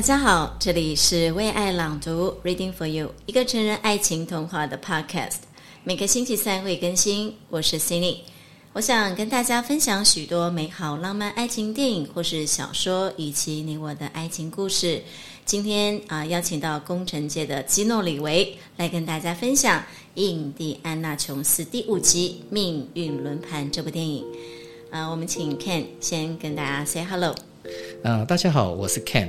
大家好，這裡是為愛朗讀 （Reading for You），一個成人愛情童話的 Podcast，每個星期三會更新。我是 Cindy。我想跟大家分享許多美好浪漫愛情電影或是小說，以及你我的愛情故事。今天啊、呃，邀請到工程界的基諾李維來跟大家分享《印第安納瓊斯》第五集《命運輪盤》這部電影。啊、呃，我們請 Ken 先跟大家 Say Hello。Uh, 大家好，我是 Ken。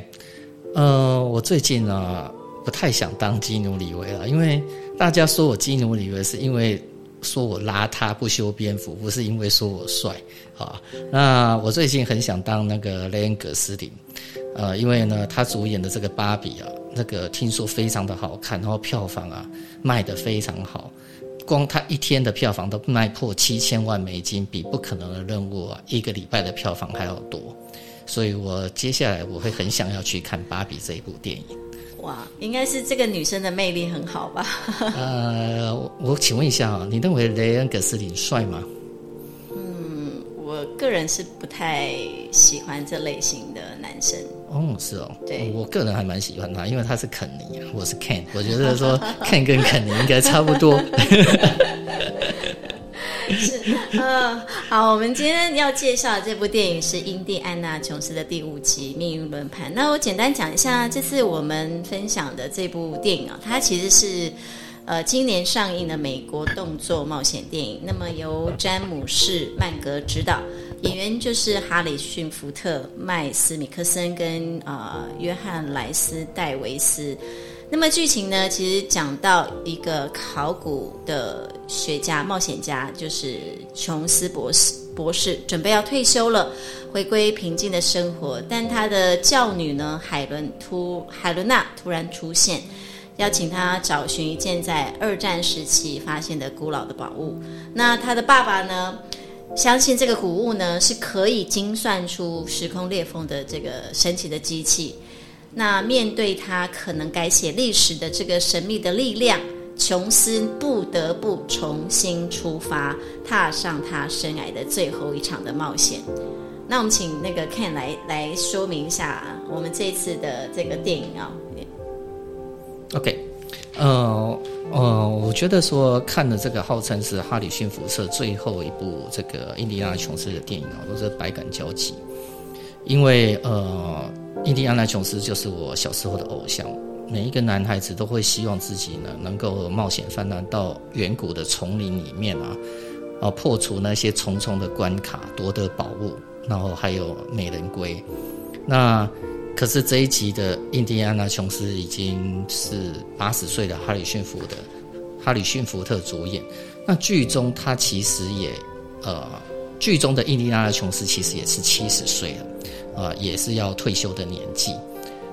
呃，我最近呢、啊、不太想當基努李維了，因為大家說我基努李維是因為說我邋遢，不修邊幅，不是因為說我帥啊。那我最近很想當那個雷恩格斯林，呃，因為呢，他主演的這個芭比啊，那個聽說非常的好看，然後票房啊賣得非常好，光他一天的票房都賣破七千萬美金，比不可能的任務啊一個禮拜的票房還要多。所以我接下來我會很想要去看《芭比》這一部電影。哇，應該是這個女生的魅力很好吧？ 呃，我請問一下啊，你認為雷恩·葛斯林帥嗎？嗯，我個人是不太喜歡這類型的男生。哦，是哦、喔，對我個人還蠻喜歡他，因為他是肯尼，我是 Ken，我覺得說 Ken 跟肯尼應該差不多。 是、呃，好，我們今天要介紹的這部電影是《印第安納瓊斯》的第五集《命運輪盤》。那我簡單講一下，這次我們分享的這部電影啊，它其實是呃今年上映的美國動作冒險電影。那麼由詹姆士·曼格執導，演員就是哈里遜·福特、麥斯·米克森跟啊、呃、約翰·萊斯·戴維斯。那麼劇情呢？其實講到一個考古的學家、冒險家，就是瓊斯博士，博士準備要退休了，回歸平靜的生活。但他的教女呢，海倫突海倫娜突然出現，邀請他找尋一件在二戰時期發現的古老的寶物。那他的爸爸呢，相信這個古物呢是可以精算出時空裂縫的這個神奇的機器。那面對他可能改寫歷史的這個神秘的力量，瓊斯不得不重新出發，踏上他深愛的最後一場的冒險。那我們請那個 Ken 來，來說明一下我們這次的這個電影啊、哦。OK，呃呃，我覺得說看了這個號稱是哈里遜福特最後一部這個印第安瓊斯的電影啊、哦，都、就是百感交集。因為呃，印第安納瓊斯就是我小時候的偶像，每一個男孩子都會希望自己呢，能夠冒險犯難，到遠古的叢林裡面啊，啊，破除那些重重的關卡，奪得寶物，然後還有美人歸。那可是這一集的印第安納瓊斯已經是八十歲的哈里遜福的哈里遜福特主演。那劇中他其實也呃。劇中的印第安納·瓊斯其實也是七十歲了，啊、呃，也是要退休的年紀。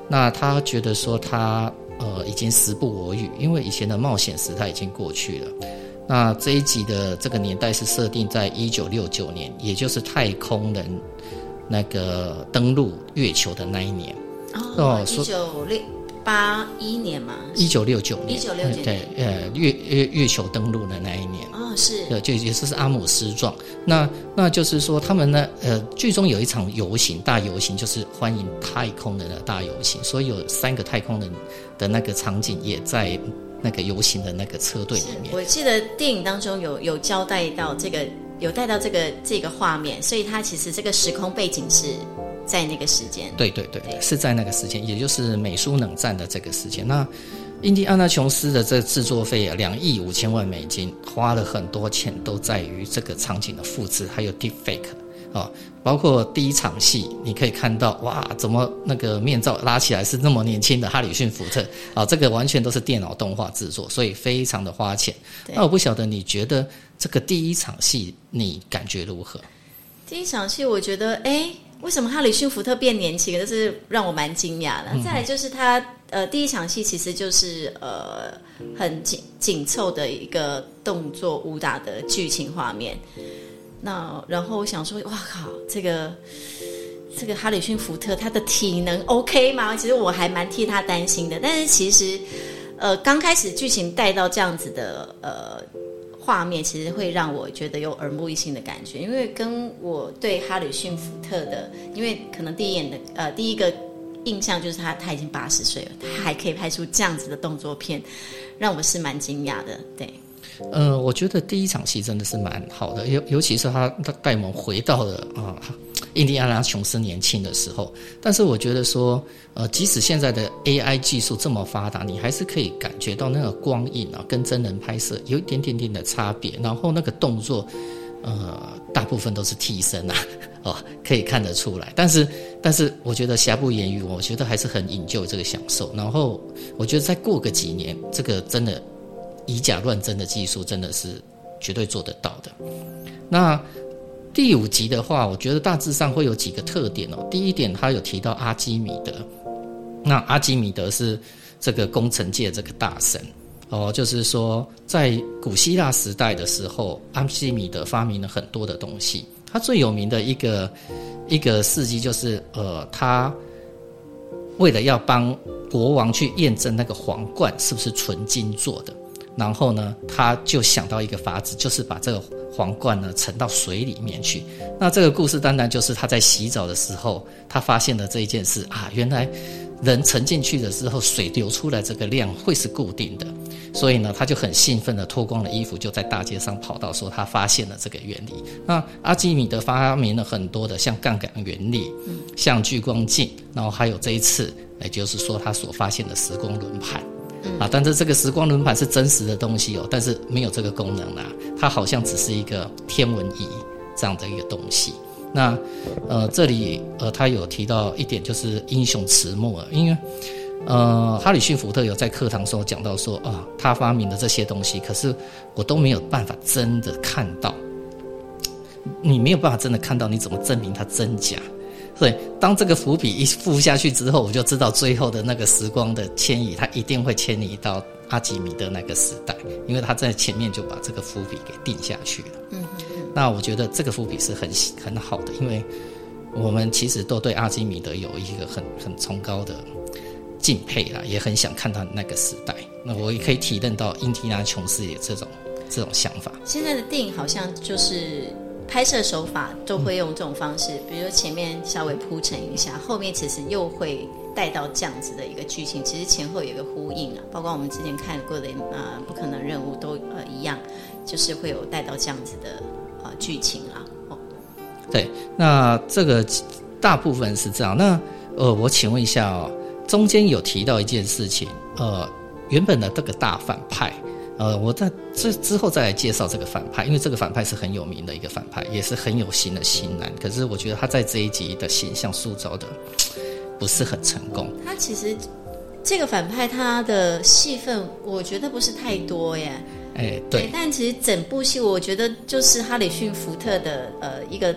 那他覺得說他呃已經時不我與，因為以前的冒險時代已經過去了。那這一集的這個年代是設定在一九六九年，也就是太空人那個登陸月球的那一年哦，一九六八一年嘛，一九六九年，一九六九年、嗯，對，呃，月月月球登陸的那一年。是，就也就是阿姆斯壯，那那就是說他們呢，呃，劇中有一場遊行，大遊行就是歡迎太空人的大遊行，所以有三個太空人的那個場景也在那個遊行的那個車隊裡面。我記得電影當中有有交代到這個，有帶到這個這個畫面，所以它其實這個時空背景是在那個時間，對對對對，是在那個時間，也就是美蘇冷戰的這個時間。那印第安納瓊斯的這個制作費啊，兩億五千萬美金，花了很多錢，都在於這個場景的複制，還有 deepfake 啊、哦，包括第一場戲，你可以看到哇，怎麼那個面罩拉起來是那麼年輕的哈里遜福特啊、哦，這個完全都是電腦動畫制作，所以非常的花錢。那我不曉得你覺得這個第一場戲你感覺如何？第一場戲我覺得哎。欸為什麼哈里遜·福特變年輕了，就是讓我蠻驚訝的。再來就是他呃，第一場戲其實就是呃很緊緊湊的一個動作武打的劇情畫面。那然後我想說，哇靠，這個這個哈里遜·福特他的體能 OK 嗎？其實我還蠻替他擔心的。但是其實呃，剛開始劇情帶到這樣子的呃。畫面其實會讓我覺得有耳目一新的感覺，因為跟我對哈里遜·福特的，因為可能第一眼的呃第一個印象就是他他已經八十歲了，他還可以拍出這樣子的動作片，讓我是蠻驚訝的。對，呃，我覺得第一場戲真的是蠻好的，尤尤其是他他帶我們回到了啊。印第安納瓊斯年輕的時候，但是我覺得說，呃，即使現在的 AI 技術這麼發達，你還是可以感覺到那個光影啊，跟真人拍攝有一點點點的差別。然後那個動作，呃，大部分都是替身啊，哦，可以看得出來。但是，但是我覺得瑕不掩瑜，我覺得還是很引咎這個享受。然後，我覺得再過個幾年，這個真的以假亂真的技術，真的是絕對做得到的。那。第五集的話，我覺得大致上會有幾個特點哦。第一點，他有提到阿基米德，那阿基米德是這個工程界的這個大神哦，就是說在古希臘時代的時候，阿基米德發明了很多的東西。他最有名的一個一個事跡就是，呃，他為了要幫國王去驗證那個皇冠是不是純金做的。然後呢，他就想到一個法子，就是把這個皇冠呢沉到水裡面去。那這個故事當然就是他在洗澡的時候，他發現了這一件事啊。原來，人沉進去的時候，水流出來這個量會是固定的。所以呢，他就很興奮地脫光了衣服，就在大街上跑到說他發現了這個原理。那阿基米德發明了很多的，像槓桿原理，嗯，像聚光鏡，然後還有這一次，也就是說他所發現的時空輪盤。啊，但是這個時光輪盤是真實的東西哦，但是沒有這個功能啦、啊。它好像只是一個天文儀這樣的一個東西。那呃，這裡呃，他有提到一點，就是英雄遲暮啊，因為呃，哈里遜福特有在課堂時候講到說啊，他、呃、發明的這些東西，可是我都沒有辦法真的看到，你沒有辦法真的看到，你怎麼證明它真假？對，當這個伏筆一鋪下去之後，我就知道最後的那個時光的遷移，它一定會遷移到阿基米德那個時代，因為他在前面就把這個伏筆給定下去了。嗯，嗯，那我覺得這個伏筆是很很好的，因為我們其實都對阿基米德有一個很很崇高的敬佩啦，也很想看到那個時代。那我也可以體認到印第安納瓊斯的這種這種想法。現在的電影好像就是。拍攝手法都會用這種方式，比如說前面稍微鋪陳一下，後面其實又會帶到這樣子的一個劇情，其實前後有一個呼應啊。包括我們之前看過的呃《不可能任務》都呃一樣，就是會有帶到這樣子的、呃、啊劇情啦。哦，對，那這個大部分是這樣。那呃，我請問一下哦，中間有提到一件事情，呃，原本的這個大反派，呃，我在之之後再來介紹這個反派，因為這個反派是很有名的一個反派，也是很有型的型男。可是我覺得他在這一集的形象塑造的不是很成功。他其實這個反派他的戲份我覺得不是太多耶、嗯。哎，對。但其實整部戲我覺得就是哈里遜·福特的呃一個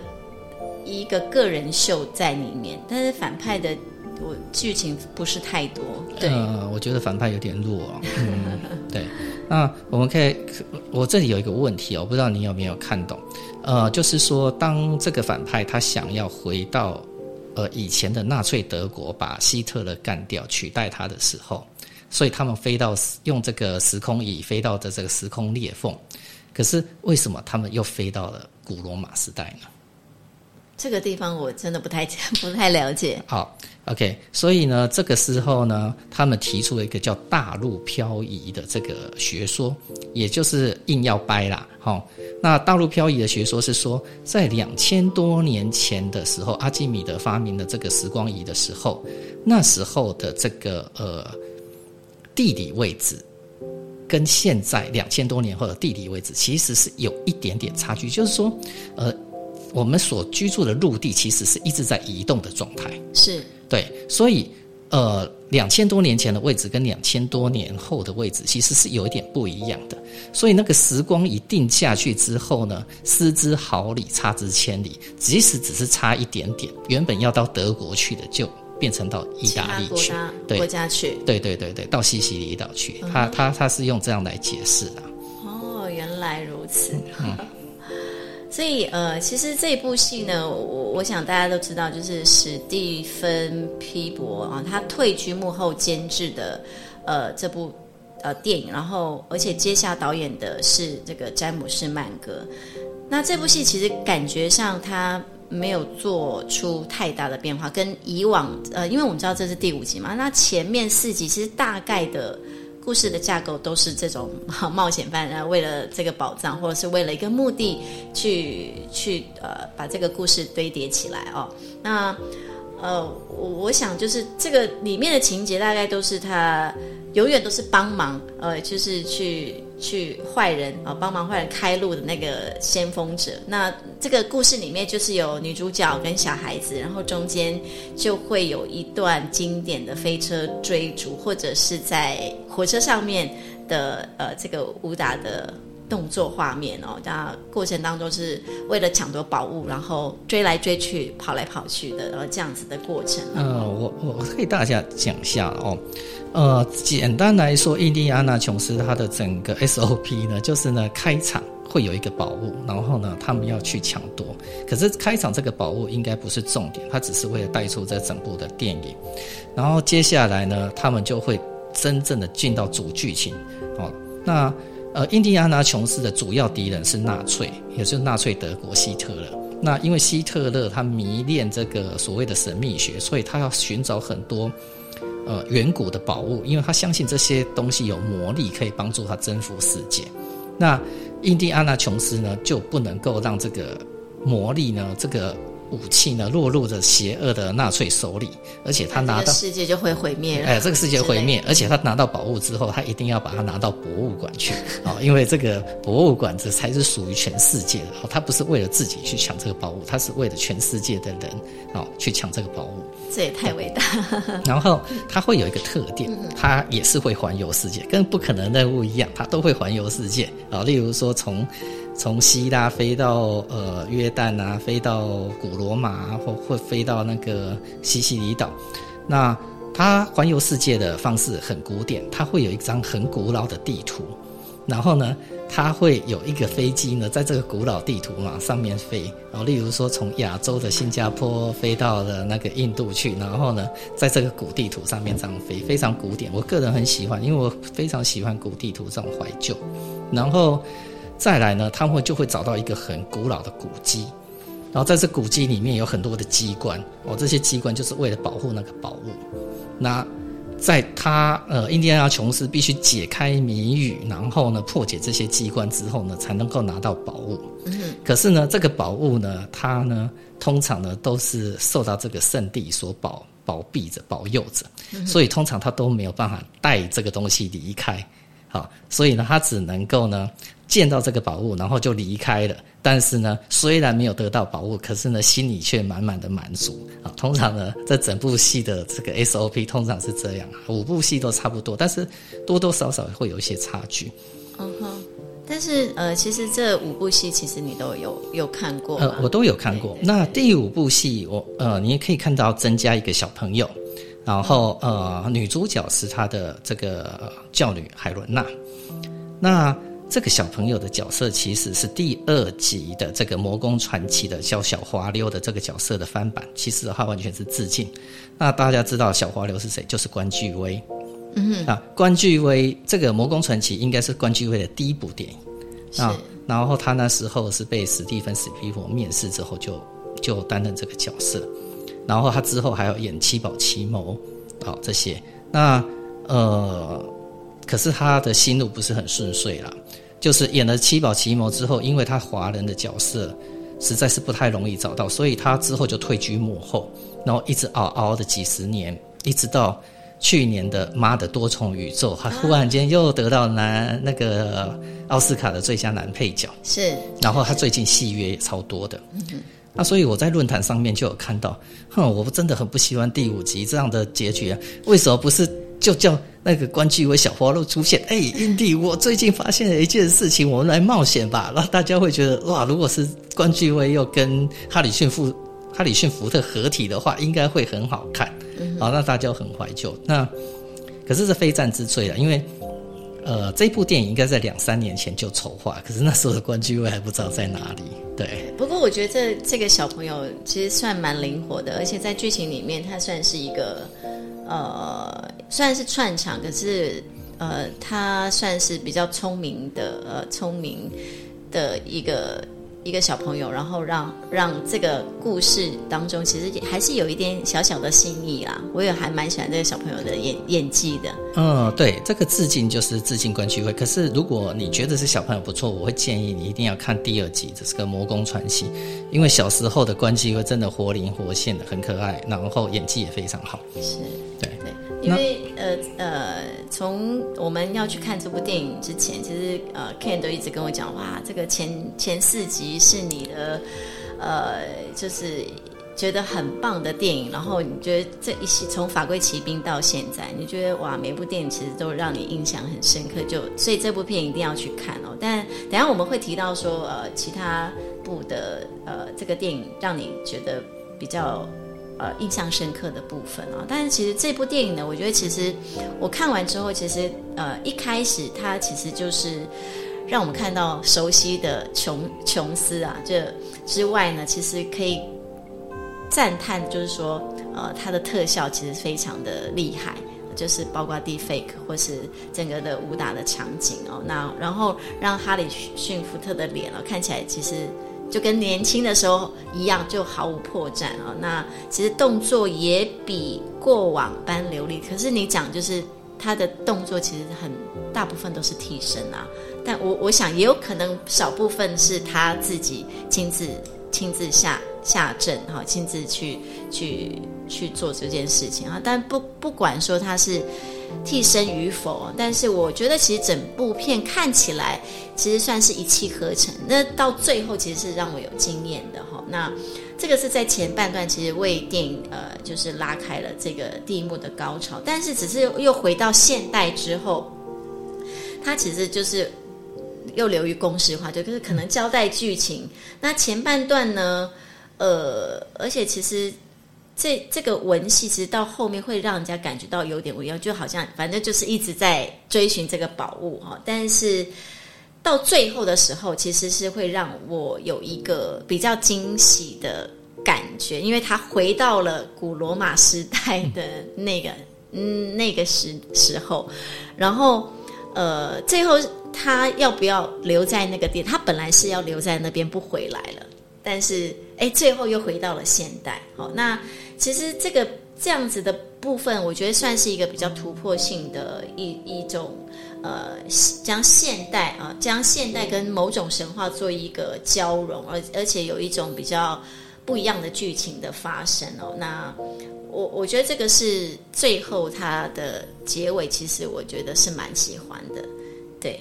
一個個人秀在裡面，但是反派的、嗯。我劇情不是太多對，呃，我覺得反派有點弱哦。嗯， 對，那我們可以，我這裡有一個問題哦，我不知道你有沒有看懂，呃，就是說，當這個反派他想要回到呃以前的納粹德國，把希特勒幹掉，取代他的時候，所以他們飛到用這個時空椅飛到的這個時空裂縫，可是為什麼他們又飛到了古羅馬時代呢？這個地方我真的不太不太了解。好，OK，所以呢，這個時候呢，他們提出了一個叫“大陸漂移”的這個學說，也就是硬要掰啦。好、哦，那大陸漂移的學說是說，在兩千多年前的時候，阿基米德發明了這個時光儀的時候，那時候的這個呃地理位置，跟現在兩千多年後的地理位置其實是有一點點差距，就是說，呃。我們所居住的陸地其實是一直在移動的狀態，是對，所以呃，兩千多年前的位置跟兩千多年後的位置其實是有一點不一樣的。所以那個時光一定下去之後呢，失之毫釐，差之千里，即使只是差一點點，原本要到德國去的，就變成到意大利去，對，國家去，對，對對對對，到西西里島去。嗯，他他他是用這樣來解釋的。哦，原來如此啊。嗯所以呃，其實這部戲呢，我我想大家都知道，就是史蒂芬·史匹柏啊，他退居幕後監製的呃這部呃電影，然後而且接下導演的是這個詹姆士·曼格。那這部戲其實感覺上他沒有做出太大的變化，跟以往呃，因為我們知道這是第五集嘛，那前面四集其實大概的。故事的架構都是這種冒險犯，為了這個寶藏或者是為了一個目的去，去呃把這個故事堆疊起來哦。那呃，我我想就是這個裡面的情節大概都是他永遠都是幫忙，呃，就是去。去壞人啊，幫忙壞人開路的那個先鋒者。那這個故事裡面就是有女主角跟小孩子，然後中間就會有一段經典的飛車追逐，或者是在火車上面的，呃，這個武打的。動作畫面哦、喔，大家過程當中是為了搶奪寶物，然後追來追去，跑來跑去的，然後這樣子的過程，喔。呃，我我我給大家講一下哦、喔，呃，簡單來說，《印第安納瓊斯》它的整個 SOP 呢，就是呢開場會有一個寶物，然後呢他們要去搶奪。可是開場這個寶物應該不是重點，它只是為了帶出這整部的電影。然後接下來呢，他們就會真正的進到主劇情哦、喔。那呃，印第安納瓊斯的主要敵人是納粹，也就是納粹德國希特勒。那因為希特勒他迷戀這個所謂的神秘學，所以他要尋找很多呃遠古的寶物，因為他相信這些東西有魔力，可以幫助他征服世界。那印第安納瓊斯呢，就不能夠讓這個魔力呢，這個。武器呢落入了邪惡的納粹手裡，而且他拿到這個世界就會毀滅、嗯。哎，這個世界毀滅，而且他拿到寶物之後，他一定要把它拿到博物館去啊、哦，因為這個博物館這才是屬於全世界的、哦。他不是為了自己去搶這個寶物，他是為了全世界的人哦去搶這個寶物。這也太偉大了、嗯。然後他會有一個特點，他也是會環遊世界，跟不可能的任務一樣，他都會環遊世界啊、哦。例如說從。從希臘飛到呃約旦啊，飛到古羅馬，或會飛到那個西西里島，那它環遊世界的方式很古典，它會有一張很古老的地圖，然後呢，它會有一個飛機呢在這個古老地圖嘛上面飛，然後例如說從亞洲的新加坡飛到了那個印度去，然後呢，在這個古地圖上面這樣飛，非常古典。我個人很喜歡，因為我非常喜歡古地圖這種懷舊，然後。再來呢，他們會就會找到一個很古老的古蹟。然後在這古蹟裡面有很多的機關哦，這些機關就是為了保護那個寶物。那在他呃，印第安納瓊斯必須解開謎語，然後呢破解這些機關之後呢，才能夠拿到寶物。嗯、可是呢，這個寶物呢，它呢通常呢都是受到這個聖地所保保庇着、保佑着、嗯，所以通常他都沒有辦法帶這個東西離開。好，所以呢，他只能夠呢。見到這個寶物，然後就離開了。但是呢，雖然沒有得到寶物，可是呢，心裡卻滿滿的滿足啊。通常呢，這整部戲的這個 SOP 通常是這樣，五部戲都差不多，但是多多少少會有一些差距。嗯哼，但是呃，其實這五部戲其實你都有有看過。呃，我都有看過。對對對對，那第五部戲，我呃，你也可以看到增加一個小朋友，然後呃，女主角是他的這個、呃、教女海倫娜，那。這個小朋友的角色其實是第二集的這個《魔宮傳奇》的叫小花溜的這個角色的翻版，其實他完全是致敬。那大家知道小花溜是誰？就是關繼威。嗯啊，關繼威這個《魔宮傳奇》應該是關繼威的第一部電影啊。然後他那時候是被史蒂芬史匹柏面試之後就就擔任這個角色，然後他之後還要演《七寶奇謀》好、哦，這些。那呃。可是他的心路不是很順遂了，就是演了《七寶奇謀》之後，因為他華人的角色實在是不太容易找到，所以他之後就退居幕後，然後一直熬熬的幾十年，一直到去年的《媽的多重宇宙》，他忽然間又得到男那個奧斯卡的最佳男配角，是。然後他最近戲約也超多的，嗯，那所以我在論壇上面就有看到，哼，我真的很不喜歡第五集這樣的結局，為什麼不是？就叫那個關巨威小花露出現，哎、欸，印第，我最近發現了一件事情，我們來冒險吧。那大家會覺得哇，如果是關巨威又跟哈里遜福哈里遜福特合體的話，應該會很好看，嗯，好，那大家很懷舊。那可是是非戰之罪了，因為呃，這部電影應該在兩三年前就籌劃，可是那時候的關巨威還不知道在哪裡。對，不過我覺得這這個小朋友其實算蠻靈活的，而且在劇情裡面他算是一個呃。雖然是串場，可是呃，他算是比較聰明的，呃，聰明的一個一個小朋友，然後讓讓這個故事當中，其實也還是有一點小小的心意啦。我也還蠻喜歡這個小朋友的演演技的。嗯，對，這個致敬就是致敬關繼威。可是如果你覺得是小朋友不錯，我會建議你一定要看第二集，這是個《魔宮傳奇》，因為小時候的關繼威真的活靈活現的，很可愛，然後演技也非常好。是，對。對因為呃呃，從我們要去看這部電影之前，其實呃，Ken 都一直跟我講哇，這個前前四集是你的呃，就是覺得很棒的電影。然後你覺得這一系從《法櫃奇兵》到現在，你覺得哇，每部電影其實都讓你印象很深刻，就所以這部片一定要去看哦。但等一下我們會提到說呃，其他部的呃，這個電影讓你覺得比較。呃，印象深刻的部分啊、哦，但是其實這部電影呢，我覺得其實我看完之後，其實呃一開始它其實就是讓我們看到熟悉的瓊瓊斯啊，這之外呢，其實可以讚嘆，就是說呃它的特效其實非常的厲害，就是包括 deepfake 或是整個的武打的場景哦，那然後讓哈里遜福特的臉哦看起來其實。就跟年輕的時候一樣，就毫無破綻啊、哦。那其實動作也比過往般流利。可是你講就是他的動作，其實很大部分都是替身啊。但我我想也有可能少部分是他自己親自親自下下陣、哦，哈，親自去去去做這件事情啊。但不不管說他是替身與否，但是我覺得其實整部片看起來。其實算是一氣呵成，那到最後其實是讓我有驚艷的哈。那這個是在前半段，其實為電影呃，就是拉開了這個第一幕的高潮。但是只是又回到現代之後，它其實就是又流於公式化，就是可能交代劇情。那前半段呢，呃，而且其實這這個文戲其實到後面會讓人家感覺到有點無聊，就好像反正就是一直在追尋這個寶物哈，但是。到最後的時候，其實是會讓我有一個比較驚喜的感覺，因為他回到了古羅馬時代的那個嗯那個時時候，然後呃，最後他要不要留在那個地，他本來是要留在那邊不回來了，但是哎、欸，最後又回到了現代。好，那其實這個這樣子的部分，我覺得算是一個比較突破性的一一種。呃，將現代啊，呃，將現代跟某種神話做一個交融，而而且有一種比較不一樣的劇情的發生哦。那我我覺得這個是最後它的結尾，其實我覺得是蠻喜歡的。對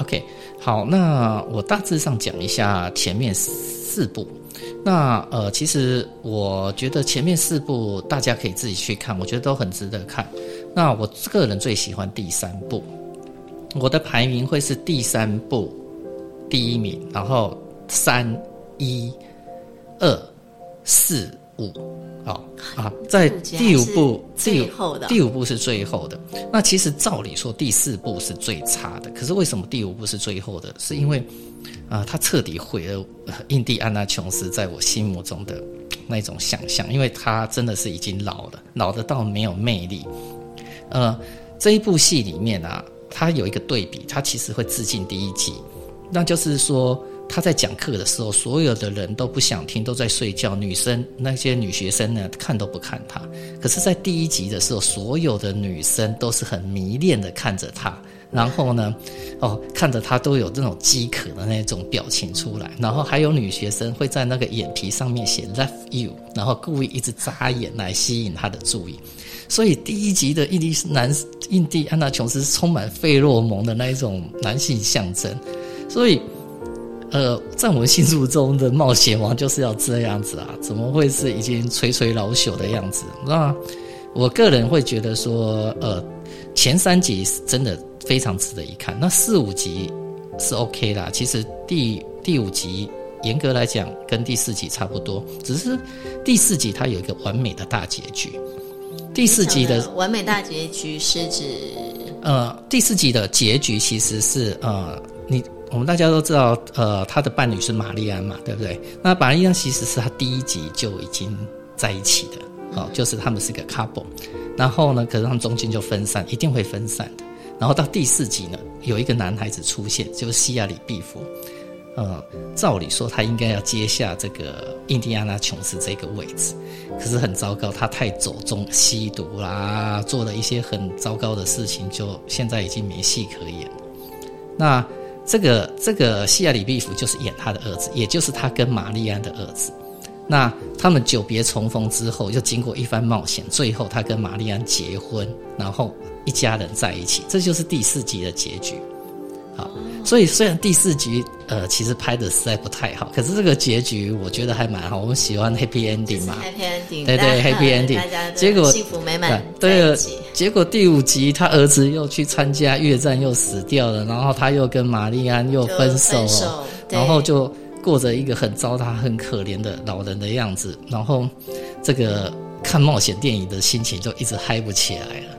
，OK，好，那我大致上講一下前面四部。那呃，其實我覺得前面四部大家可以自己去看，我覺得都很值得看。那我個人最喜歡第三部，我的排名會是第三部第一名，然後三一、哦，二四五，好啊，在第五部最後的第五第五部是最後的。那其實照理說第四部是最差的，可是為什麼第五部是最後的？是因為啊，他徹底毀了印第安納瓊斯在我心目中的那種想象，因為他真的是已經老了，老得到沒有魅力。呃，這一部戲裡面啊，他有一個對比，他其實會致敬第一集，那就是說他在講課的時候，所有的人都不想聽，都在睡覺。女生，那些女學生呢，看都不看他。可是，在第一集的時候，所有的女生都是很迷戀的看着他。然後呢，哦，看着他都有這種飢渴的那種表情出來，然後還有女學生會在那個眼皮上面寫 “love you”，然後故意一直眨眼來吸引他的注意。所以第一集的印第安，印第安納瓊斯是充滿費洛蒙的那一種男性象徵。所以，呃，在我心目中的冒險王就是要這樣子啊！怎麼會是已經垂垂老朽的樣子？那我個人會覺得說，呃，前三集是真的。非常值得一看。那四五集是 OK 啦，其實第第五集嚴格來講跟第四集差不多，只是第四集它有一個完美的大結局。第四集的完美大結局是指呃，第四集的結局其實是呃，你我們大家都知道呃，他的伴侶是瑪麗安嘛，對不對？那瑪麗安其實是他第一集就已經在一起的，哦，呃，就是他們是一個 couple，嗯，然後呢，可是他們中間就分散，一定會分散的。然後到第四集呢，有一個男孩子出現，就是西亞裡畢夫。呃、嗯，照理說他應該要接下這個印第安納瓊斯這個位置，可是很糟糕，他太走中吸毒啦，做了一些很糟糕的事情，就現在已經沒戲可演了。那這個這個西亞裡畢夫就是演他的兒子，也就是他跟瑪麗安的兒子。那他們久別重逢之後，又經過一番冒險，最後他跟瑪麗安結婚，然後。一家人在一起，這就是第四集的結局。好，所以雖然第四集呃其實拍的實在不太好，可是這個結局我覺得還蠻好，我們喜歡 happy ending 嘛，就是 happy ending，對對，happy ending，大家結果幸福美滿。啊，對了，結果第五集他兒子又去參加越戰又死掉了，然後他又跟瑪麗安又分手，分手，然後就過着一個很糟蹋、很可憐的老人的樣子，然後這個看冒險電影的心情就一直嗨不起來了。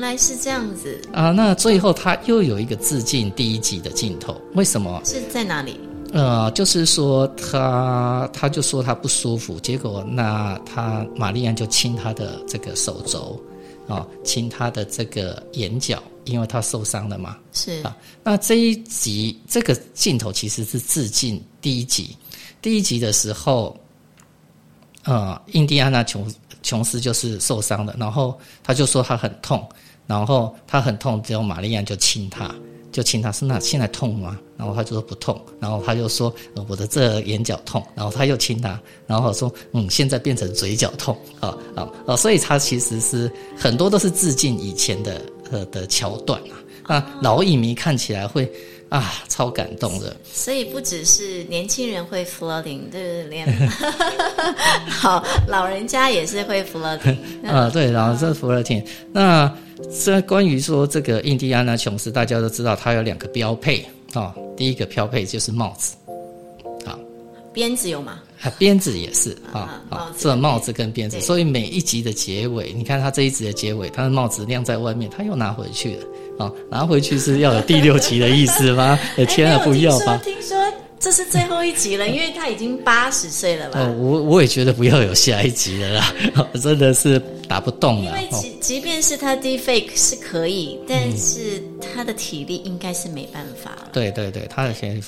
原來是這樣子啊、呃！那最後他又有一個致敬第一集的鏡頭，為什麼？是在哪裡？呃，就是說他他就說他不舒服，結果那他瑪麗安就親他的這個手肘啊，親、呃、他的這個眼角，因為他受傷了嘛。是啊、呃，那這一集這個鏡頭其實是致敬第一集。第一集的時候，呃，印第安納瓊瓊斯就是受傷了，然後他就說他很痛。然後他很痛，只有瑪利亞就親他，就親他，說那現在痛嗎？然後他就說不痛，然後他就說、呃、我的這眼角痛，然後他又親他，然後說嗯，現在變成嘴角痛啊啊啊！所以他其實是很多都是致敬以前的呃的橋段啊，那老影迷看起來會。啊，超感動的！所以不只是年輕人會 floating 對不對？ 好，老人家也是會 floating 啊、嗯，對，然後這 floating、啊、那這關於說這個印第安納瓊斯，大家都知道它有兩個標配啊、哦。第一個標配就是帽子啊，鞭子有嗎？啊，鞭子也是、哦、啊。這帽子跟鞭子，所以帽子，跟鞭子，所以每一集的結尾，你看它這一集的結尾，它的帽子晾在外面，它又拿回去了。哦、拿回去是要有第六集的意思嗎？ 哎、天啊，不要吧！聽說這是最後一集了， 因為他已經八十歲了吧。哦、我我也覺得不要有下一集了，啦。真的是打不動了。因為即即便是他 deep fake 是可以，但是他的體力應該是沒辦法了、嗯。對對對，他的體力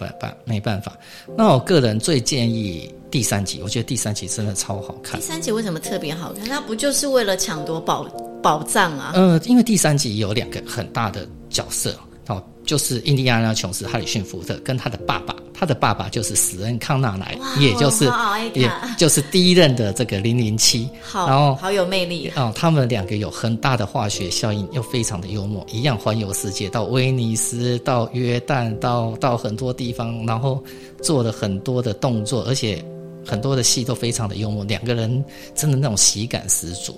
沒辦法。那我個人最建議。第三集，我覺得第三集真的超好看。第三集為什麼特別好看？那不就是為了搶奪寶寶藏啊？嗯、呃，因為第三集有兩個很大的角色哦，就是印第安納瓊斯哈里遜福特跟他的爸爸，他的爸爸就是史恩康納萊，也就是也就是第一任的這個零零七。好，然後好有魅力哦。嗯、他們兩個有很大的化學效應，又非常的幽默，一樣環遊世界，到威尼斯，到約旦，到到很多地方，然後做了很多的動作，而且。很多的戲都非常的幽默，兩個人真的那種喜感十足。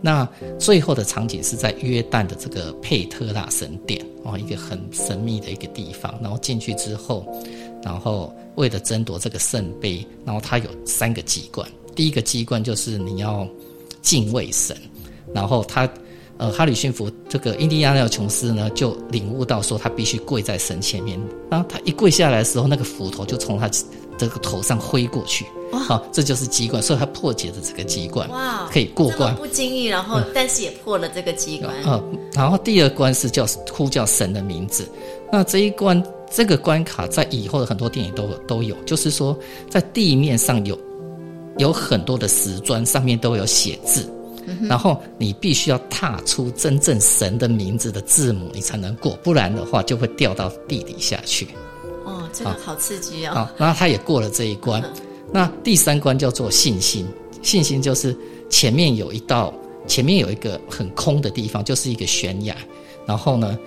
那最後的場景是在約旦的這個佩特拉神殿哦，一個很神秘的一個地方。然後進去之後，然後為了爭奪這個聖杯，然後他有三個機關。第一個機關就是你要敬畏神。然後他呃，哈里遜福這個印第安納·瓊斯呢，就領悟到說他必須跪在神前面。然後他一跪下來的時候，那個斧頭就從他這個頭上揮過去。好，這就是機關、嗯，所以他破解了這個機關，哇，可以過關，不經意，然後、嗯、但是也破了這個機關啊、嗯嗯。然後第二關是叫呼叫神的名字。那這一關這個關卡在以後的很多電影都有都有，就是說在地面上有有很多的石磚，上面都有寫字、嗯哼，然後你必須要踏出真正神的名字的字母，你才能過，不然的話就會掉到地底下去。哦，這個好刺激啊、哦！啊、嗯，然後他也過了這一關。嗯那第三關叫做信心，信心就是前面有一道，前面有一個很空的地方，就是一個懸崖。然後呢，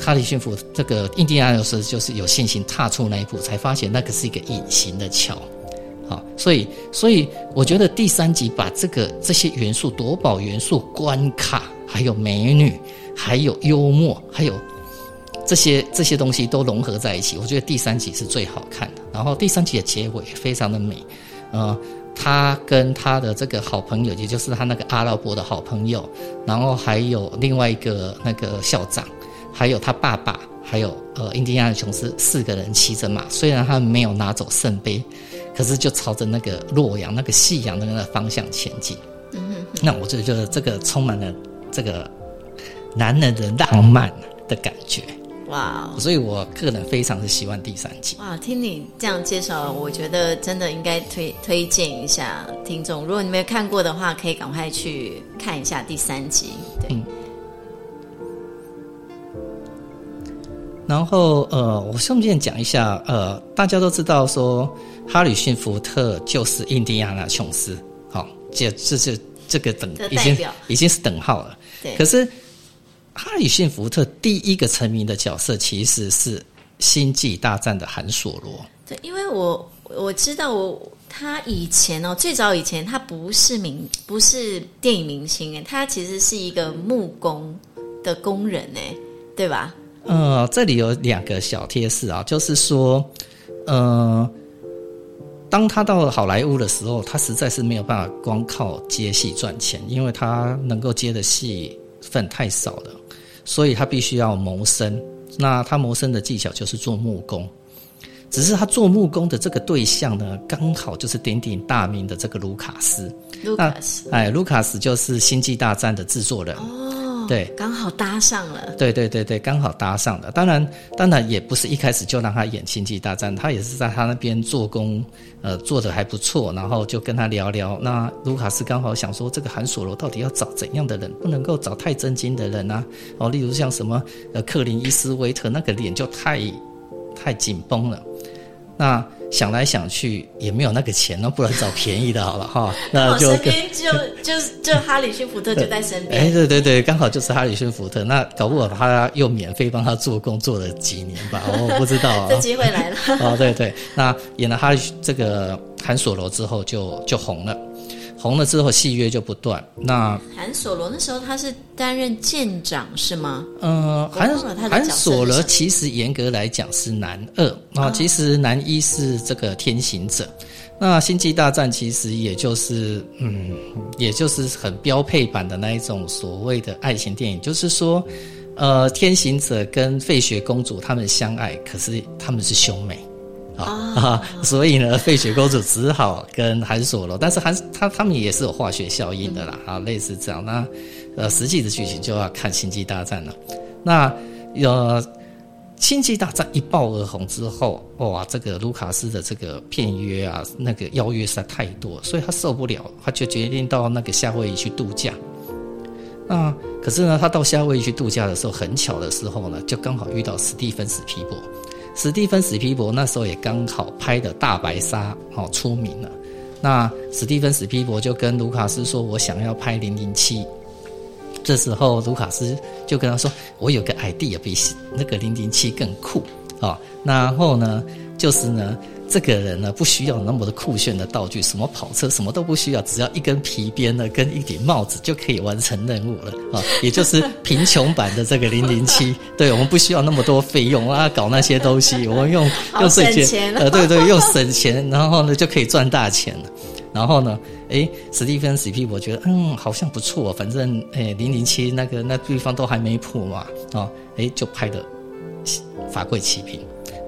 哈里遜福這個印第安那瓊斯，就是有信心踏出那一步，才發現那個是一個隱形的橋。啊，所以，所以我覺得第三集把這個這些元素奪寶元素關卡，還有美女，還有幽默，還有。這些這些東西都融合在一起，我覺得第三集是最好看的。然後第三集的結尾非常的美，呃，他跟他的這個好朋友，也就是他那個阿拉伯的好朋友，然後還有另外一個那個校長，還有他爸爸，還有呃印第安的瓊斯四個人騎着馬，雖然他們沒有拿走聖杯，可是就朝着那個洛陽、那個夕陽的那個方向前進。嗯哼哼，那我就覺得就這個充滿了這個男人的浪漫的感覺。哇、wow！所以，我個人非常的喜歡第三集。哇，聽你這樣介紹，我覺得真的應該推推薦一下聽眾。如果你沒有看過的話，可以趕快去看一下第三集。對。嗯、然後，呃，我順便講一下，呃，大家都知道說，哈里遜·福特就是印第安納·瓊斯。好、哦，這這是這個等、這個、表已經已經是等號了。對。可是。哈里遜·福特第一個成名的角色其實是《星際大戰》的韓索羅。對，因為我我知道我，我他以前哦、喔，最早以前他不是明，不是電影明星誒，他其實是一個木工的工人誒，對吧、嗯？呃，這裡有兩個小貼士啊，就是說，呃，當他到好萊塢的時候，他實在是沒有辦法光靠接戲賺錢，因為他能夠接的戲份太少了。所以他必須要謀生，那他謀生的技巧就是做木工，只是他做木工的這個對象呢，剛好就是鼎鼎大名的這個盧卡斯，盧卡斯，哎，盧卡斯就是《星際大戰》的制作人。哦。對，剛好搭上了。對對對對，剛好搭上了。當然，當然也不是一開始就讓他演星際大戰，他也是在他那邊做工，呃，做得還不錯，然後就跟他聊聊。那盧卡斯剛好想說，這個韓索羅到底要找怎樣的人？不能夠找太正經的人啊，哦，例如像什麼呃克林伊斯威特，那個臉就太，太緊繃了。那想來想去也沒有那個錢、哦，那不然找便宜的好了哈、 哦。那就就 就就，就哈里遜福特就在身邊，哎對、欸、對對對，剛好就是哈里遜福特，那搞不好他又免費幫他做工做了幾年吧，我、哦、不知道、哦。 這機會來了 哦，對，對對，那演了哈里遜這個《韓索羅》之後就就紅了。紅了之後，戲約就不斷。那韓索羅那時候他是擔任艦長是嗎？嗯、呃，韓索羅其實嚴格來講是男二啊，其實男一是這個天行者。那《星際大戰》其實也就是嗯，也就是很標配版的那一種所謂的愛情電影，就是說，呃，天行者跟費雪公主他們相愛，可是他們是兄妹。啊，所以呢，費雪公主只好跟韓索羅，但是韓他他們也是有化學效應的啦，啊，類似這樣。那呃，實際的劇情就要看《星際大戰》了。那呃，《星際大戰》一爆而紅之後，哇，這個盧卡斯的這個片約啊，嗯、那個邀約實在太多，所以他受不了，他就決定到那個夏威夷去度假。那可是呢，他到夏威夷去度假的時候，很巧的時候呢，就剛好遇到史蒂芬史匹柏。史蒂芬·史皮伯，那時候也剛好拍的《大白鯊》好、哦、出名了，那史蒂芬·史皮伯就跟盧卡斯說：“我想要拍零零七。”這時候盧卡斯就跟他說：“我有個 idea 比那個零零七更酷。哦”然後呢，就是呢。這個人呢，不需要那麼的酷炫的道具，什麼跑車，什麼都不需要，只要一根皮鞭呢，跟一頂帽子就可以完成任務了啊、哦！也就是貧窮版的這個零零七。對，我們不需要那麼多費用啊，搞那些東西，我們用用省錢 呃，對對，又省錢，然後呢就可以賺大錢了。然後呢，哎，史蒂芬·史蒂芬我覺得嗯，好像不錯、哦，反正哎，零零七那個那地方都還沒破嘛啊，哎、哦，就拍的《法櫃奇兵》，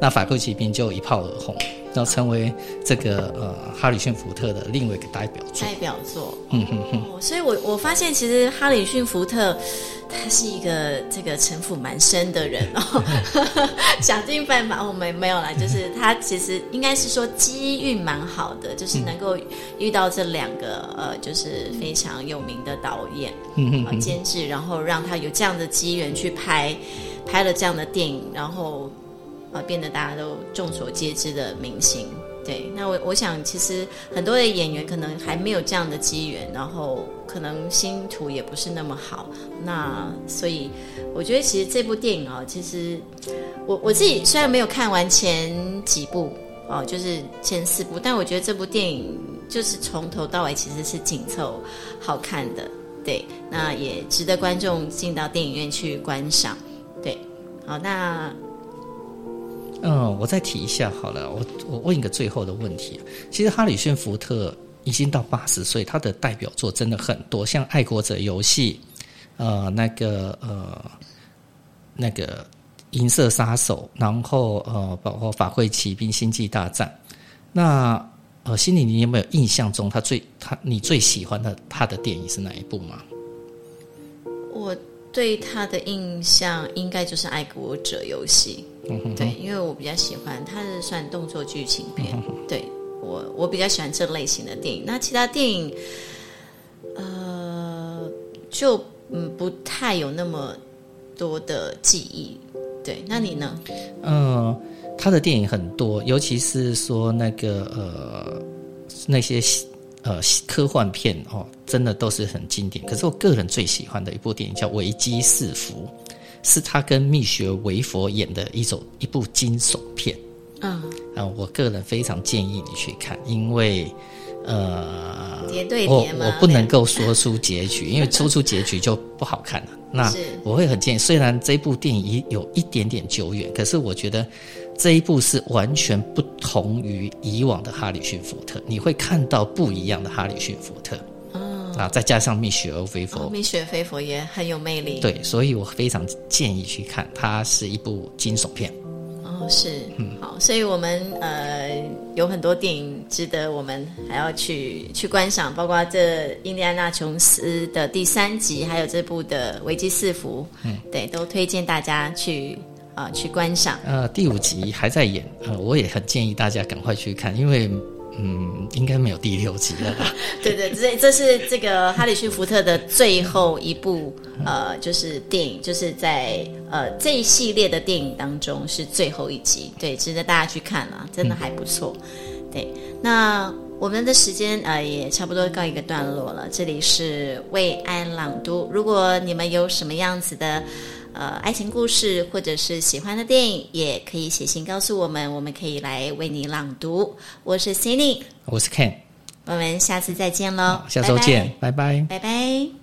那《法櫃奇兵》就一炮而紅。要成為這個呃哈里遜福特的另外一個代表作，代表作，嗯嗯嗯、哦。所以我我發現其實哈里遜福特他是一個這個城府蠻深的人哦， 想盡辦法，我、哦、們沒，沒有啦，就是他其實應該是說機遇蠻好的，就是能夠遇到這兩個呃就是非常有名的導演嗯哼哼監制，然後讓他有這樣的機緣去拍拍了這樣的電影，然後。啊，變得大家都眾所皆知的明星，對。那我我想，其實很多的演員可能還沒有這樣的機緣，然後可能星途也不是那麼好。那所以，我覺得其實這部電影啊、喔，其實我我自己雖然沒有看完前幾部哦、喔，就是前四部，但我覺得這部電影就是從頭到尾其實是緊湊好看的，對。那也值得觀眾進到電影院去觀賞，對。好，那。嗯，我再提一下好了，我我問一個最後的問題、啊。其實哈里遜·福特已經到八十歲，他的代表作真的很多，像《愛國者遊戲》呃、呃那個呃那個《呃那個、銀色殺手》，然後呃包括《法櫃奇兵》《星際大戰》那。那呃，心裡你有沒有印象中他最他你最喜歡的他的電影是哪一部嗎？我。對他的印象應該就是《愛國者遊戲》，嗯哼哼，對，因為我比較喜歡，他是算動作劇情片，嗯、哼哼，對，我我比較喜歡這類型的電影。那其他電影，呃，就嗯不太有那麼多的記憶。對，那你呢？嗯、呃，他的電影很多，尤其是說那個呃那些。呃，科幻片哦，真的都是很經典。可是我個人最喜歡的一部電影叫《危機四伏》，是他跟蜜雪維佛演的一種一部驚悚片。嗯，啊、呃，我個人非常建議你去看，因為呃，疊疊我我不能夠說出結局， 因為說出結局就不好看了。那我會很建議，雖然這部電影已有一點點久遠，可是我覺得。這一部是完全不同於以往的哈里遜·福特，你會看到不一樣的哈里遜·福特啊，再加上蜜雪兒·菲佛，哦，蜜雪兒·菲佛，哦，哦，也很有魅力。對，所以我非常建議去看，它是一部驚悚片。哦，是，嗯、好，所以我們呃有很多電影值得我們還要去去觀賞，包括這《印第安納瓊斯》的第三集，還有這部的《危機四伏》嗯，對，都推薦大家去。啊、呃，去觀賞呃，第五集還在演，呃，我也很建議大家趕快去看，因為嗯，應該沒有第六集了吧。 對對，這這是這個哈里遜·福特的最後一部 呃，就是電影，就是在呃這一系列的電影當中是最後一集。對，值得大家去看了，啊，真的還不錯，嗯。對，那我們的時間呃也差不多告一個段落了。這裡是慰安朗讀，如果你們有什麼樣子的。呃，愛情故事或者是喜歡的電影，也可以寫信告訴我們，我們可以來為你朗讀。我是 Cindy，我是 Ken，我們下次再見嘍，下週見，拜拜，拜拜。拜拜拜拜。